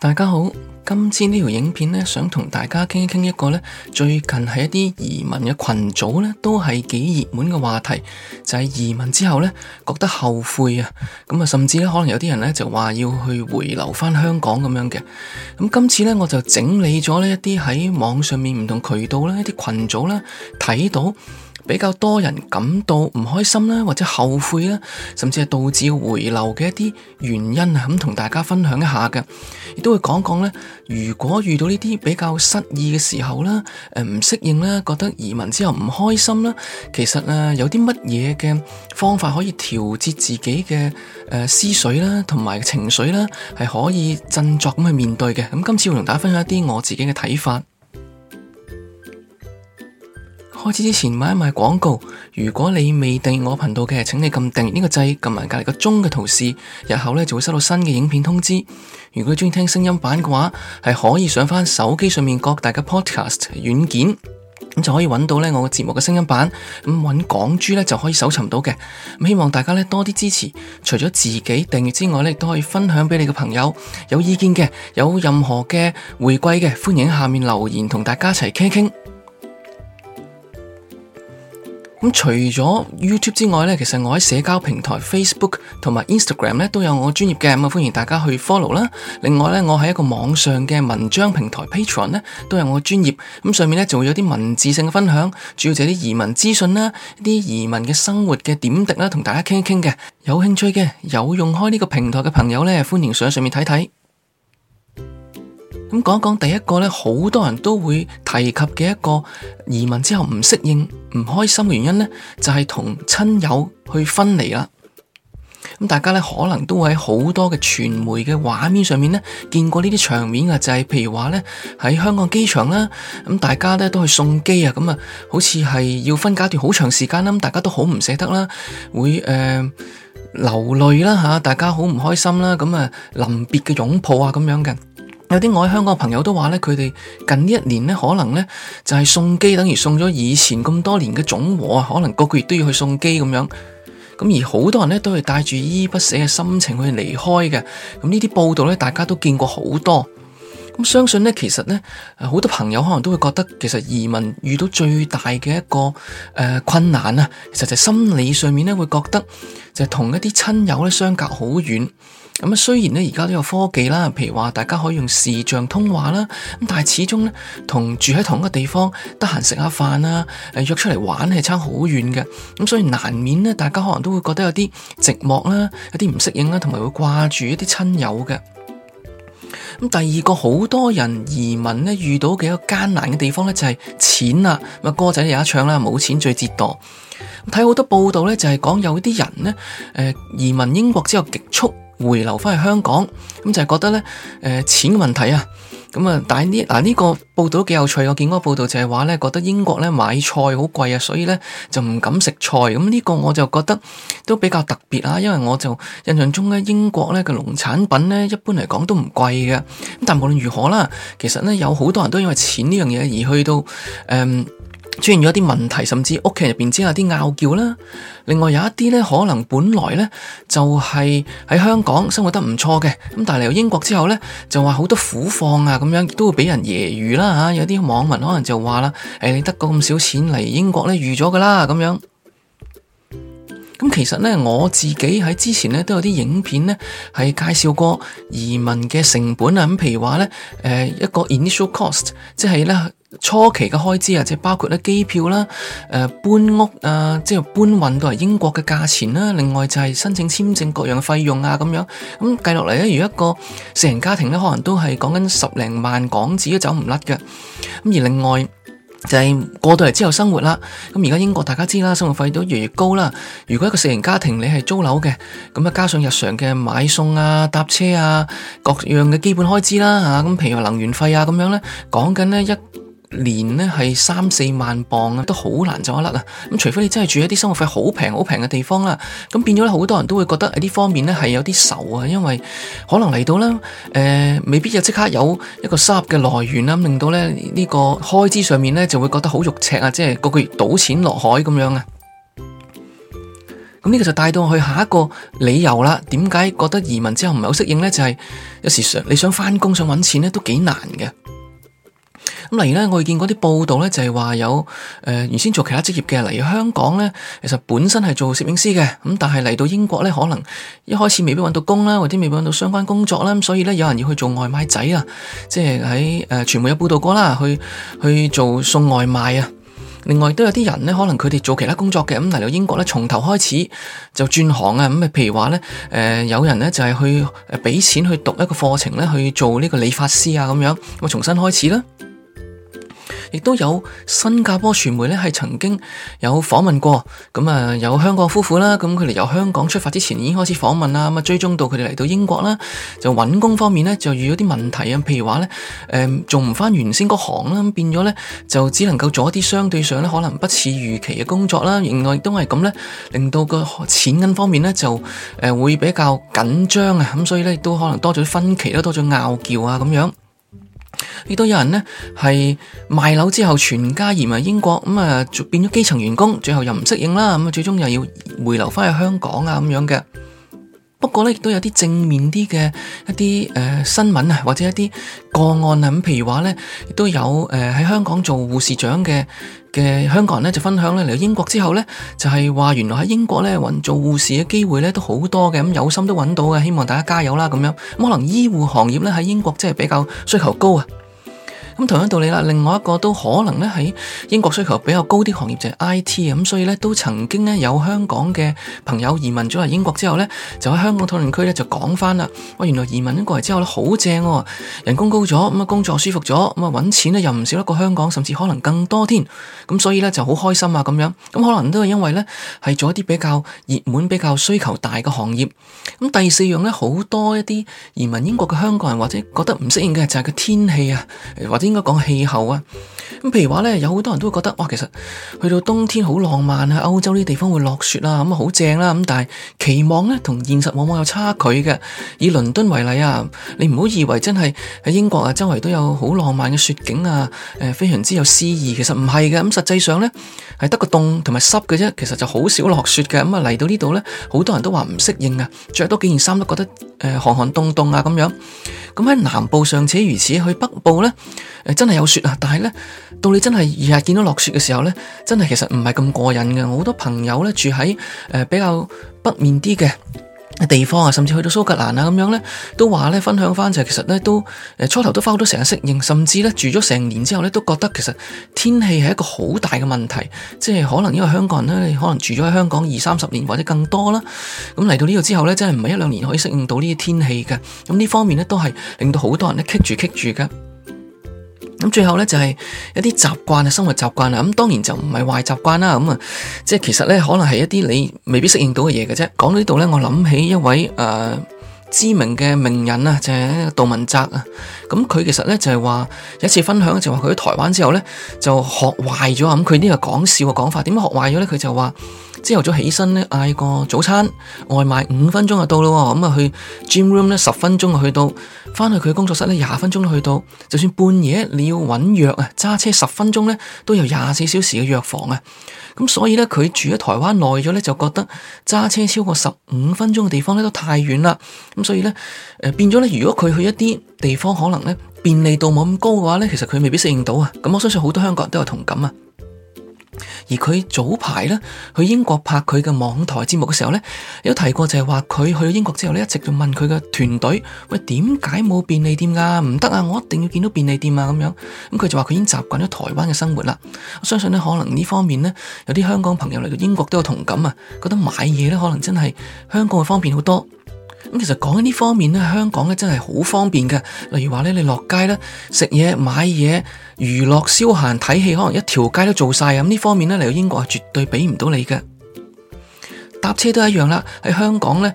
大家好，今次呢條影片呢，想同大家傾一傾一個呢。最近係一啲移民嘅群組呢，都係幾熱門嘅話題，就係移民之後呢，覺得後悔啊，咁啊，甚至呢，可能有啲人呢，就話要去回流返香港咁樣嘅，咁今次呢，我就整理咗呢一啲喺網上面唔同渠道咧，一啲群組啦睇到。比較多人感到唔開心啦，或者後悔啦，甚至係導致回流嘅一啲原因啊，咁同大家分享一下嘅，亦都會講講咧。如果遇到呢啲比較失意嘅時候啦，誒，唔適應啦，覺得移民之後唔開心啦，其實啊，有啲乜嘢嘅方法可以調節自己嘅誒思緒啦，同埋情緒啦，係可以振作咁去面對嘅。咁今次會同大家分享一啲我自己嘅睇法。開始之前買一買廣告。如果你未訂我頻道嘅，請你撳訂呢個掣，撳埋隔籬個鐘嘅圖示。日後呢就會收到新嘅影片通知。如果你中意聽聲音版嘅話，係可以上翻手機上面各大嘅 Podcast 軟件，咁就可以揾到呢我嘅節目嘅聲音版。咁揾港珠呢就可以搜尋到嘅。希望大家呢多啲支持。除咗自己訂閱之外呢，都可以分享俾你嘅朋友。有意見嘅，有任何嘅回饋嘅，歡迎下面留言同大家一齊傾傾。除咗 YouTube 之外咧，其實我喺社交平台 Facebook 同埋 Instagram 都有我專頁嘅，咁歡迎大家去 follow 啦。另外咧，我喺一個網上嘅文章平台 Patreon 咧都有我專頁。咁上面咧就會有啲文字性嘅分享，主要就係啲移民資訊啦，一啲移民嘅生活嘅點滴啦，同大家傾一傾嘅。有興趣嘅有用開呢個平台嘅朋友呢，歡迎上上面睇睇。咁講講第一個咧，好多人都會提及嘅一個移民之後唔適應、唔開心嘅原因咧，就係同親友去分離啦。咁大家咧可能都會喺好多嘅傳媒嘅畫面上面咧見過呢啲場面啊，就係、是、譬如話咧喺香港機場啦，咁大家咧都去送機啊，咁啊，好似係要分隔段好長時間啦，咁大家都好唔捨得啦，會誒流淚啦吓，大家好唔、呃、開心啦，咁啊臨別嘅擁抱啊咁樣嘅。有啲外香港嘅朋友都話咧，佢哋近呢一年咧，可能咧就係、是、送機，等於送咗以前咁多年嘅總和啊，可能個個月都要去送機咁樣。咁而好多人咧都係帶住依依不捨嘅心情去離開嘅。咁呢啲報道咧，大家都見過好多。咁相信咧，其實咧，好多朋友可能都會覺得，其實移民遇到最大嘅一個誒、呃、困難啊，其實就係心理上面咧會覺得，就係同一啲親友咧相隔好遠。咁雖然呢而家都有科技啦，譬如話大家可以用視像通話啦，咁但係始終呢，同住喺同一個地方，得閒食下飯啦，誒，約出嚟玩係差好遠嘅。咁所以難免呢，大家可能都會覺得有啲寂寞啦，有啲唔適應啦，同埋會掛住一啲親友嘅。咁第二個，好多人移民呢，遇到嘅一個艱難嘅地方呢，就係錢啦。咁啊歌仔有得唱啦，冇錢最折墮。睇好多報道呢，就係講有啲人呢，移民英國之後極速。回流翻去香港，咁就係覺得呢誒、呃、錢嘅問題啊，咁啊，但係呢嗱呢個報道都幾有趣，我見嗰個報道就係話呢，覺得英國呢買菜好貴啊，所以呢就唔敢食菜，咁呢個我就覺得都比較特別啊，因為我就印象中呢，英國呢嘅農產品呢一般嚟講都唔貴嘅，咁但無論如何啦，其實呢有好多人都因為錢呢樣嘢而去到誒。嗯出現咗啲問題，甚至屋企入邊之間有啲拗撬啦。另外有一啲呢，可能本來呢就係喺香港生活得唔錯嘅，咁但嚟到英國之後呢，就話好多苦況啊，咁樣都會俾人揶揄啦嚇。有啲網民可能就話啦，誒、欸，你得個咁少錢嚟英國呢，預咗噶啦咁樣。咁其實呢，我自己喺之前咧都有啲影片呢係介紹過移民嘅成本啊。咁譬如話呢，誒、呃、一個 initial cost，即係呢。初期嘅開支啊、呃，即係包括咧機票啦、誒搬屋啊，即係搬運到嚟英國嘅價錢啦，另外就係申請簽證各樣嘅費用啊，咁樣咁計落嚟咧，如果一個四人家庭咧，可能都係講緊十零萬港紙都走唔甩嘅。咁而另外就係過到嚟之後生活啦，咁而家英國大家知啦，生活費都越嚟越高啦。如果一個四人家庭你係租樓嘅，咁啊加上日常嘅買餸啊、搭車啊各樣嘅基本開支啦，吓咁譬如話能源費啊咁樣咧，講緊呢，一年呢係三四萬磅啊，都好難走得甩啊！咁除非你真係住一啲生活費好平、好平嘅地方啦，咁變咗咧，好多人都會覺得喺呢方面咧係有啲愁啊，因為可能嚟到啦，誒、呃，未必就即刻有一個收入嘅來源啦，令到咧呢個開支上面呢就會覺得好肉赤啊，即係個個月賭錢落海咁樣啊！咁、這、呢個就帶到我去下一個理由啦，點解覺得移民之後唔係好適應呢？就係、是、有時想你想翻工想揾錢呢都幾難嘅。咁例如咧，我哋見過啲報道呢，就係話有誒原先做其他職業嘅嚟香港呢，其實本身係做攝影師嘅，咁但係嚟到英國呢，可能一開始未必揾到工啦，或者未必揾到相關工作啦，咁所以呢，有人要去做外賣仔啊，即係喺誒傳媒有報道過啦，去去做送外賣啊。另外都有啲人呢，可能佢哋做其他工作嘅，咁嚟到英國呢，從頭開始就轉行啊。咁啊，譬如話呢，誒、呃、有人呢，就係去誒俾錢去讀一個課程呢，去做呢個理髮師啊，咁樣咁重新開始啦。亦都有新加坡傳媒咧，係曾經有訪問過，咁啊有香港夫婦啦，咁佢哋由香港出發之前已經開始訪問啦，咁啊追蹤到佢哋嚟到英國啦，就揾工方面咧就遇到啲問題啊，譬如話咧誒做唔翻原先嗰行啦，咁變咗咧就只能夠做一啲相對上咧可能不似預期嘅工作啦，原來亦都係咁咧，令到個錢銀方面咧就誒會比較緊張啊，咁所以咧亦都可能多咗啲分歧啦，多咗拗撬啊咁樣。亦都有人呢，係賣樓之後全家移民英國，咁啊變咗基層員工，最後又唔適應啦，咁啊最終又要回流翻去香港啊咁樣嘅。不過呢，亦都有啲正面啲嘅一啲誒、呃、新聞啊，或者一啲個案啊，咁譬如話呢，亦都有誒喺香港做護士長嘅。嘅香港人咧，就分享咧，嚟到英國之後咧，就係、是、話原來喺英國咧，揾做護士嘅機會咧，都好多嘅。咁、嗯、有心都揾到嘅，希望大家加油啦咁樣、嗯、可能醫護行業咧，喺英國真係比較需求高啊！咁同樣道理啦，另外一個都可能呢，喺英國需求比較高啲行業就係 IT。咁所以呢，都曾經呢，有香港嘅朋友移民咗嚟英國之後呢，就喺香港討論區呢就講翻啦，哇原來移民咗過嚟之後呢，好正喎，人工高咗，咁啊工作舒服咗，咁啊揾錢呢，又唔少得過香港，甚至可能更多添，咁所以呢，就好開心啊咁樣，咁可能都係因為呢，係做一啲比較熱門、比較需求大嘅行業。咁第四樣呢，好多一啲移民英國嘅香港人或者覺得唔適應嘅就係個天氣啊，或者，應該講氣候啊，咁譬如話呢，有好多人都會覺得哇，其實去到冬天好浪漫啊，歐洲呢啲地方會落雪啊，咁啊好正啦，咁但係期望呢，同現實往往有差距嘅。以倫敦為例啊，你唔好以為真係喺英國啊周圍都有好浪漫嘅雪景啊，誒、呃、非常之有詩意。其實唔係嘅，咁實際上呢，係得個凍同埋濕嘅啫，其實就好少落雪嘅。咁啊嚟到呢度呢，好多人都話唔適應啊，着多幾件衫都覺得、呃、寒寒凍凍啊咁樣。咁喺南部尚且如此，去北部呢。誒，真係有雪啊！但係咧，到你真係日日見到落雪嘅時候咧，真係其實唔係咁過癮嘅。好多朋友咧住喺誒比較北面啲嘅地方啊，甚至去到蘇格蘭啊咁樣咧，都話咧分享翻就係其實咧都誒初頭都花好多成日適應，甚至咧住咗成年之後咧都覺得其實天氣係一個好大嘅問題，即係可能因為香港人咧，你可能住咗喺香港二三十年或者更多啦，咁嚟到呢度之後咧，真係唔係一兩年可以適應到呢啲天氣嘅。咁呢方面咧都係令到好多人咧棘住棘住嘅。咁最後呢，就係一啲習慣啊，生活習慣啊，咁當然就唔係壞習慣啦，咁啊，即係其實呢，可能係一啲你未必適應到嘅嘢嘅啫。講到呢度呢，我諗起一位誒、呃、知名嘅名人啊，就係、是、杜汶澤啊。咁佢其實呢，就係話有一次分享就話佢喺台灣之後呢，就學壞咗啊。咁佢呢個講笑嘅講法，點解學壞咗呢？佢就話。朝頭早起身嗌個早餐外賣，五分鐘就到咯，咁啊去 gym room 呢，十分鐘就去到，翻去佢工作室呢，廿分鐘都去到。就算半夜你要揾藥啊，揸車十分鐘呢都有廿四小時嘅藥房啊。咁所以呢，佢住喺台灣耐咗呢，就覺得揸車超過十五分鐘嘅地方呢都太遠啦。咁所以呢，誒、呃、變咗呢，如果佢去一啲地方，可能呢，便利度冇咁高嘅話呢，其實佢未必適應到啊。咁我相信好多香港人都有同感啊。而佢早排咧去英國拍佢嘅網台節目嘅時候咧，有提過就係話佢去咗英國之後咧，一直就問佢嘅團隊喂，點解冇便利店噶？啊？唔得啊，我一定要見到便利店啊！咁樣咁佢就話佢已經習慣咗台灣嘅生活啦。我相信咧，可能呢方面咧有啲香港朋友嚟到英國都有同感啊，覺得買嘢咧可能真係香港會方便好多。咁其實講緊呢方面咧，香港咧真係好方便嘅。例如話咧，你落街咧食嘢、買嘢、娛樂消閒、睇戲，可能一條街都做晒。啊！咁呢方面咧嚟到英國啊，絕對俾唔到你嘅。搭車都一樣啦，喺香港咧。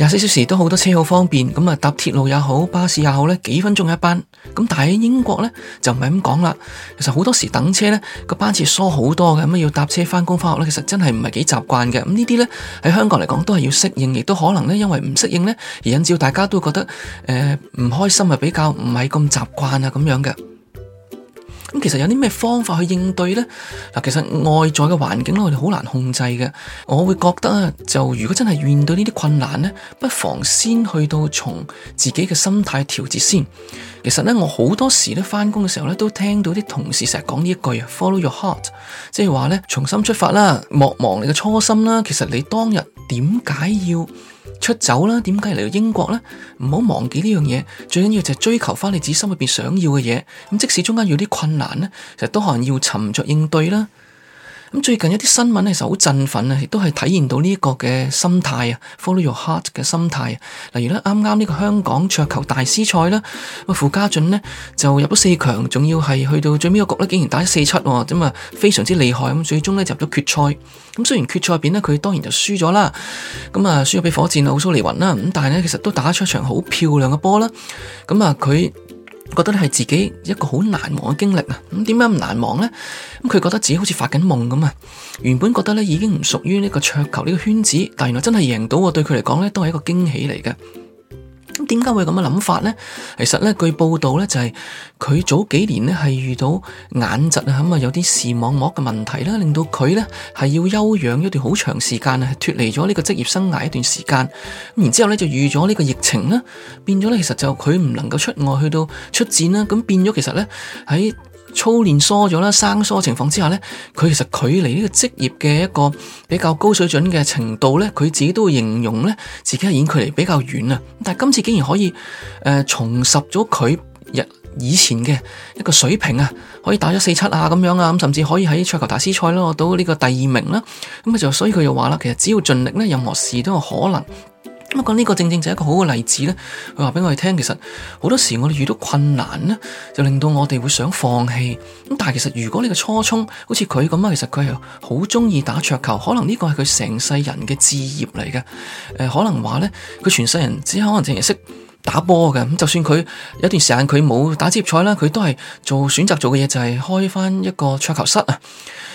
廿四小時都好多車好方便，搭鐵路也好，巴士也好呢，幾分鐘一班。但喺英國呢，就唔係咁講啦。其實好多時等車呢，個班次疏好多嘅，咁要搭車返工返學呢，其實真係唔係幾習慣嘅。咁呢啲呢，喺香港嚟講都係要適應，亦都可能呢，因為唔適應呢，而引致大家都覺得誒，呃，唔開心啊，比較唔係咁習慣啊咁樣嘅。其實有啲咩方法去應對呢？嗱，其實外在嘅環境我哋好難控制嘅。我會覺得啊，就如果真係遇到呢啲困難咧，不妨先去到從自己嘅心態調節先。其實咧，我好多時咧翻工嘅時候咧，都聽到啲同事成日講呢一句啊，Follow your heart，即係話咧，從心出發啦，莫忘你嘅初心啦。其實你當日。點解要出走啦？點解嚟到英國呢？唔好忘記呢樣嘢，最緊要就係追求翻你自己心裏邊想要嘅嘢。咁即使中間有啲困難咧，其實都可能要沉着應對啦。咁最近一啲新聞咧，其實好振奮啊，亦都係體現到呢一個嘅心態啊，Follow your heart 嘅心態啊。例如咧，啱啱呢個香港桌球大師賽啦，咁啊傅家俊咧就入咗四強，仲要係去到最尾個局咧，竟然打咗四七喎，咁啊非常之厲害。咁最終咧就入咗決賽，咁雖然決賽入邊咧佢當然就輸咗啦，咁啊輸咗俾火箭啊奧蘇利雲啦，咁但係咧其實都打出一場好漂亮嘅波啦，咁啊佢覺得係自己一個好難忘嘅經歷啊！咁點解咁難忘呢？咁佢覺得自己好似發緊夢咁啊！原本覺得咧已經唔屬於呢個桌球呢個圈子，但原來真係贏到，對佢嚟講咧都係一個驚喜嚟嘅。咁點解會咁嘅諗法呢？其實呢，據報道呢，就是，就係佢早幾年呢係遇到眼疾啊，咁啊有啲視網膜嘅問題啦，令到佢呢係要休養一段好長時間啊，脫離咗呢個職業生涯一段時間。然之後呢，就遇咗呢個疫情啦，變咗呢，其實就佢唔能夠出外去到出戰啦。咁變咗其實呢。喺。操練疏咗啦，生疏情況之下呢，佢其實距離呢個職業嘅一個比較高水準嘅程度呢，佢自己都會形容呢，自己係已經距離比較遠啊。但係今次竟然可以誒、呃、重拾咗佢日以前嘅一個水平啊，可以打咗一四七啊咁樣啊，咁甚至可以喺桌球大師賽攞到呢個第二名啦。咁佢就所以佢就話啦，其實只要盡力呢，任何事都有可能。咁啊，呢個正正就係一個好嘅例子呢，佢話俾我哋聽，其實好多時我哋遇到困難呢，就令到我哋會想放棄。咁但係其實如果你個初衷好似佢咁啊，其實佢係好中意打桌球，可能呢個係佢成世人嘅志業嚟嘅。誒、呃，可能話呢，佢全世人只可能淨係識。打波嘅咁，就算佢有一段時間佢冇打職業賽啦，佢都係做選擇做嘅嘢就係開翻一個桌球室啊。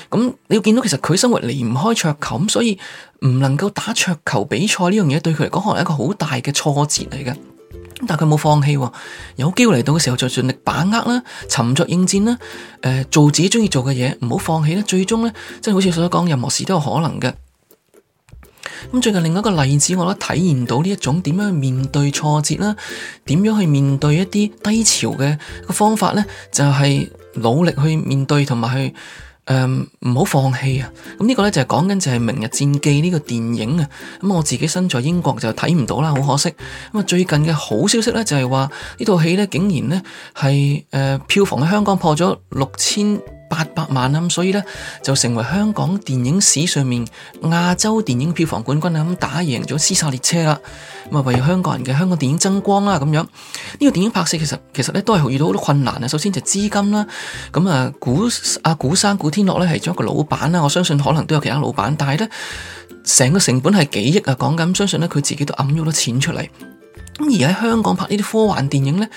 咁你要見到其實佢生活離唔開桌球咁，所以唔能夠打桌球比賽呢樣嘢對佢嚟講可能係一個好大嘅挫折嚟嘅。但係佢冇放棄喎，有機會嚟到嘅時候就盡力把握啦，沉着應戰啦，誒、呃、做自己中意做嘅嘢，唔好放棄啦。最終咧，即係好似所講，任何事都有可能嘅。咁最近另一個例子，我都體驗到呢一種點樣面對挫折啦，點樣去面對一啲低潮嘅個方法咧，就係、是、努力去面對同埋去誒，唔好放棄啊！咁、這、呢個咧就係講緊就係《明日戰記》呢個電影啊！咁我自己身在英國就睇唔到啦，好可惜。咁啊，最近嘅好消息咧就係話呢套戲咧竟然咧係誒票房喺香港破咗六千。八百萬啊，咁所以呢，就成為香港電影史上面亞洲電影票房冠軍啊，咁打贏咗《廝殺列車》啦，咁啊為香港人嘅香港電影增光啦，咁樣呢、呢個電影拍攝其實其實呢都係遇到好多困難啊，首先就資金啦，咁啊古阿古山古天樂呢係做一個老闆啦，我相信可能都有其他老闆，但係呢成個成本係幾億啊，講緊相信呢，佢自己都揞咗好多錢出嚟。咁而喺香港拍呢啲科幻電影呢，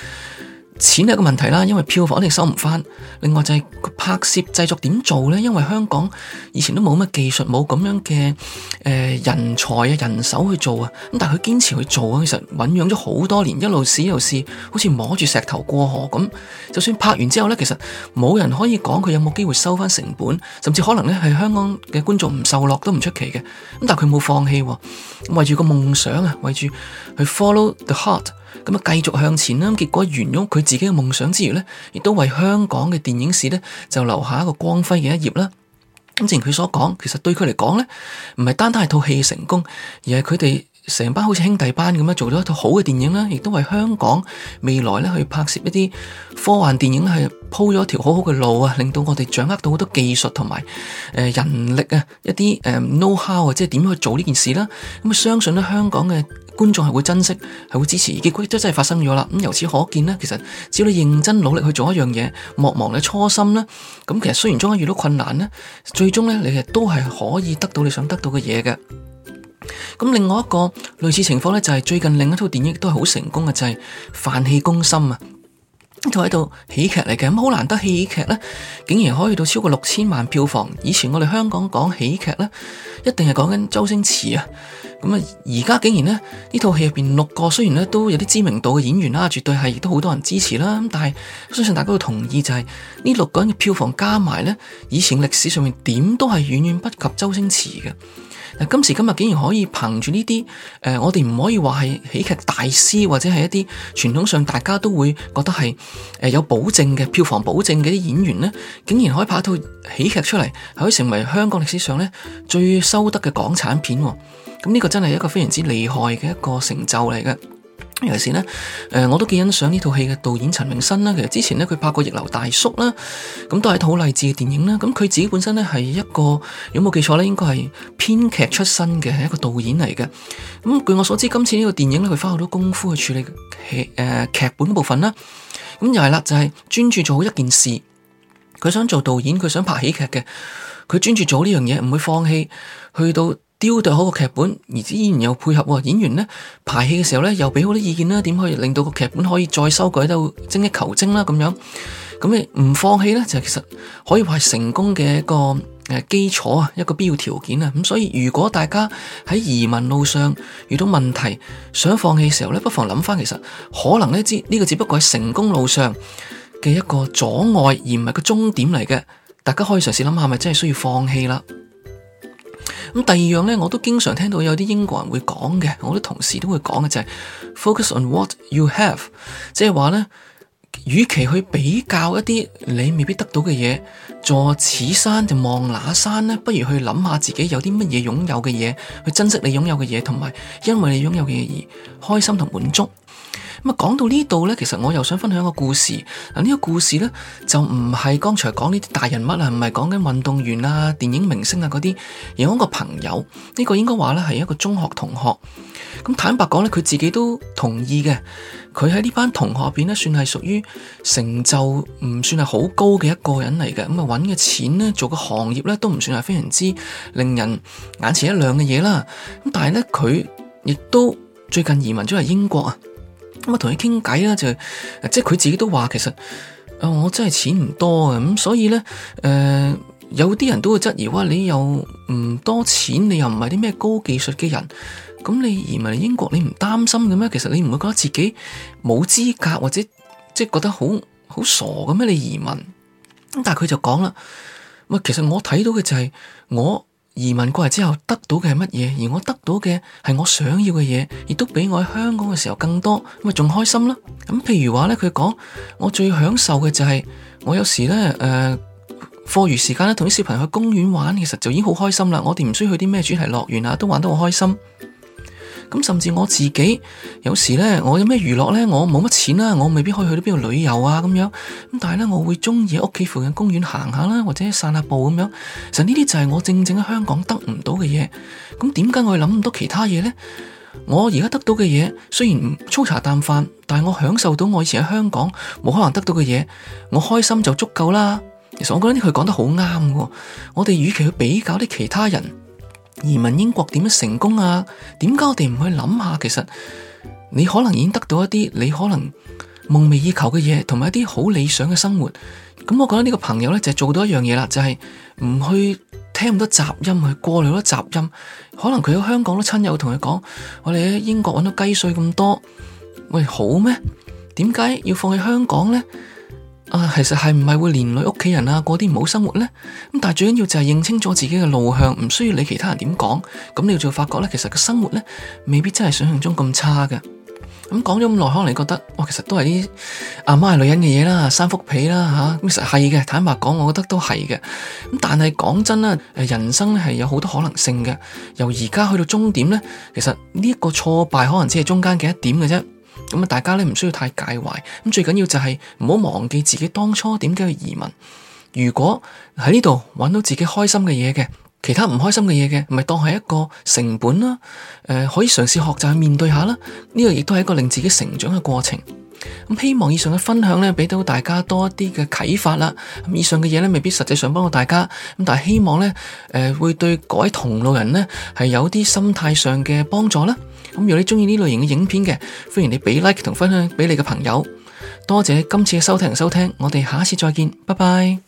錢係一個問題啦，因為票房肯定收唔翻。另外就係、是、個拍攝製作點做呢？因為香港以前都冇乜技術，冇咁樣嘅誒、呃、人才啊人手去做啊。咁但係佢堅持去做啊，其實醞釀咗好多年，一路試又試，好似摸住石頭過河咁。就算拍完之後呢，其實冇人可以講佢有冇機會收翻成本，甚至可能呢係香港嘅觀眾唔受落都唔出奇嘅。咁但係佢冇放棄，為住個夢想啊，為住去 follow the heart。咁啊，繼續向前啦！結果圓咗佢自己嘅夢想之餘咧，亦都為香港嘅電影史咧，就留下一個光輝嘅一頁啦。咁正如佢所講，其實對佢嚟講咧，唔係單單係套戲成功，而係佢哋。成班好似兄弟班咁樣，做咗一套好嘅電影啦，亦都為香港未來咧去拍攝一啲科幻電影，係鋪咗一條好好嘅路啊！令到我哋掌握到好多技術同埋誒人力啊，一啲誒 know how 啊，即係點去做呢件事啦！咁相信咧，香港嘅觀眾係會珍惜，係會支持。而結果真係發生咗啦！咁由此可見呢，其實只要你認真努力去做一樣嘢，莫忘你初心咧，咁其實雖然中間遇到困難呢，最終呢，你亦都係可以得到你想得到嘅嘢嘅。咁另外一個類似情況呢，就係最近另一套電影都係好成功嘅，就係《飯戲攻心》啊！呢套係一套喜劇嚟嘅，咁好難得喜劇呢，竟然可以到超過六千萬票房。以前我哋香港講喜劇呢，一定係講緊周星馳啊。咁啊，而家竟然呢，呢套戲入邊六個雖然呢都有啲知名度嘅演員啦，絕對係亦都好多人支持啦。咁但係相信大家都同意，就係呢六個人嘅票房加埋呢，以前歷史上面點都係遠遠不及周星馳嘅。嗱，今時今日竟然可以憑住呢啲，誒、呃，我哋唔可以話係喜劇大師，或者係一啲傳統上大家都會覺得係，誒、呃，有保證嘅票房保證嘅啲演員咧，竟然可以拍一套喜劇出嚟，係可以成為香港歷史上咧最收得嘅港產片、哦，咁、嗯、呢、這個真係一個非常之厲害嘅一個成就嚟嘅。尤其是呢，誒、呃，我都幾欣賞呢套戲嘅導演陳詠燊啦。其實之前呢，佢拍過逆流大叔啦，咁都係套好勵志嘅電影啦。咁佢自己本身呢，係一個，有冇記錯呢，應該係編劇出身嘅，一個導演嚟嘅。咁據我所知，今次呢個電影呢，佢花好多功夫去處理戲誒劇本部分啦。咁又係啦，就係、是、專注做好一件事。佢想做導演，佢想拍喜劇嘅，佢專注做好呢樣嘢，唔會放棄，去到。雕琢好個劇本，而之演員又配合演員呢排戲嘅時候呢，又俾好啲意見啦，點可以令到個劇本可以再修改到精益求精啦咁樣。咁你唔放棄咧就係，其實可以話係成功嘅一個基礎啊，一個必要條件啊，咁、嗯、所以如果大家喺移民路上遇到問題，想放棄嘅時候呢，不妨諗翻其實可能呢，呢、這、呢個只不過係成功路上嘅一個阻礙，而唔係個終點嚟嘅，大家可以嘗試諗下，係咪真係需要放棄啦？咁第二樣咧，我都經常聽到有啲英國人會講嘅，我啲同事都會講嘅就係 focus on what you have，即係話咧，與其去比較一啲你未必得到嘅嘢，坐此山就望那山咧，不如去諗下自己有啲乜嘢擁有嘅嘢，去珍惜你擁有嘅嘢，同埋因為你擁有嘅嘢而開心同滿足。咁啊，講到呢度咧，其實我又想分享一個故事。嗱，呢個故事咧就唔係剛才講呢啲大人物啊，唔係講緊運動員啊、電影明星啊嗰啲，而我個朋友呢個應該話咧係一個中學同學。咁坦白講咧，佢自己都同意嘅。佢喺呢班同學入邊咧，算係屬於成就唔算係好高嘅一個人嚟嘅。咁啊，揾嘅錢咧，做嘅行業咧，都唔算係非常之令人眼前一亮嘅嘢啦。咁但係咧，佢亦都最近移民咗嚟英國啊。咁我同佢傾偈啦，就即係佢自己都話其實，啊，我真係錢唔多啊。咁所以咧，誒、呃、有啲人都會質疑話你又唔多錢，你又唔係啲咩高技術嘅人，咁你移民英國你唔擔心嘅咩？其實你唔會覺得自己冇資格或者即係覺得好好傻嘅咩？你移民咁。但係佢就講啦，咪其實我睇到嘅就係、是、我，移民過嚟之後得到嘅係乜嘢？而我得到嘅係我想要嘅嘢，亦都比我喺香港嘅時候更多，咪仲開心啦。咁譬如話咧，佢講，我最享受嘅就係、是、我有時咧誒，課、呃、餘時間咧同啲小朋友去公園玩，其實就已經好開心啦。我哋唔需要去啲咩主題樂園啊，都玩得好開心。咁甚至我自己，有時咧，我有咩娛樂咧，我冇乜錢啦，我未必可以去到邊度旅遊啊，咁樣。咁但係咧，我會中意喺屋企附近公園行下啦，或者散下步咁樣。其實呢啲就係我正正喺香港得唔到嘅嘢。咁點解我要諗咁多其他嘢咧？我而家得到嘅嘢雖然粗茶淡飯，但係我享受到我以前喺香港冇可能得到嘅嘢，我開心就足夠啦。其實我覺得呢，佢講得好啱。我哋與其去比較啲其他人。移民英國點樣成功啊？點解我哋唔去諗下？其實你可能已經得到一啲你可能夢寐以求嘅嘢，同埋一啲好理想嘅生活。咁我覺得呢個朋友咧就係做到一樣嘢啦，就係、係、唔去聽咁多雜音，去過濾好多雜音。可能佢喺香港都親友同佢講：我哋喺英國揾到雞碎咁多，喂，好咩？點解要放棄香港咧？其實係唔係會連累屋企人啊，過啲唔好生活呢？咁但係最緊要就係認清楚自己嘅路向，唔需要理其他人點講。咁你就會發覺咧，其實個生活咧未必真係想象中咁差嘅。咁講咗咁耐，可能你覺得，哇，其實都係啲阿媽係女人嘅嘢啦，三幅被啦吓。咁，啊，其實係嘅，坦白講，我覺得都係嘅。咁但係講真啦，人生係有好多可能性嘅。由而家去到終點咧，其實呢一個挫敗可能只係中間嘅一點嘅啫。咁啊，大家咧，唔需要太介懷，咁最緊要就係唔好忘記自己當初點解去移民。如果喺呢度揾到自己開心嘅嘢嘅，其他唔開心嘅嘢嘅，咪當係一個成本啦。誒，可以嘗試學習去面對下啦。呢個亦都係一個令自己成長嘅過程。咁希望以上嘅分享咧，俾到大家多一啲嘅啟發啦。咁以上嘅嘢咧，未必實際上幫到大家，咁但係希望咧，誒，會對各位同路人咧，係有啲心態上嘅幫助啦。咁如果你鍾意呢類型嘅影片嘅，歡迎你畀 like 同分享畀你嘅朋友。多謝今次嘅收聽同收聽，我哋下一次再見，拜拜。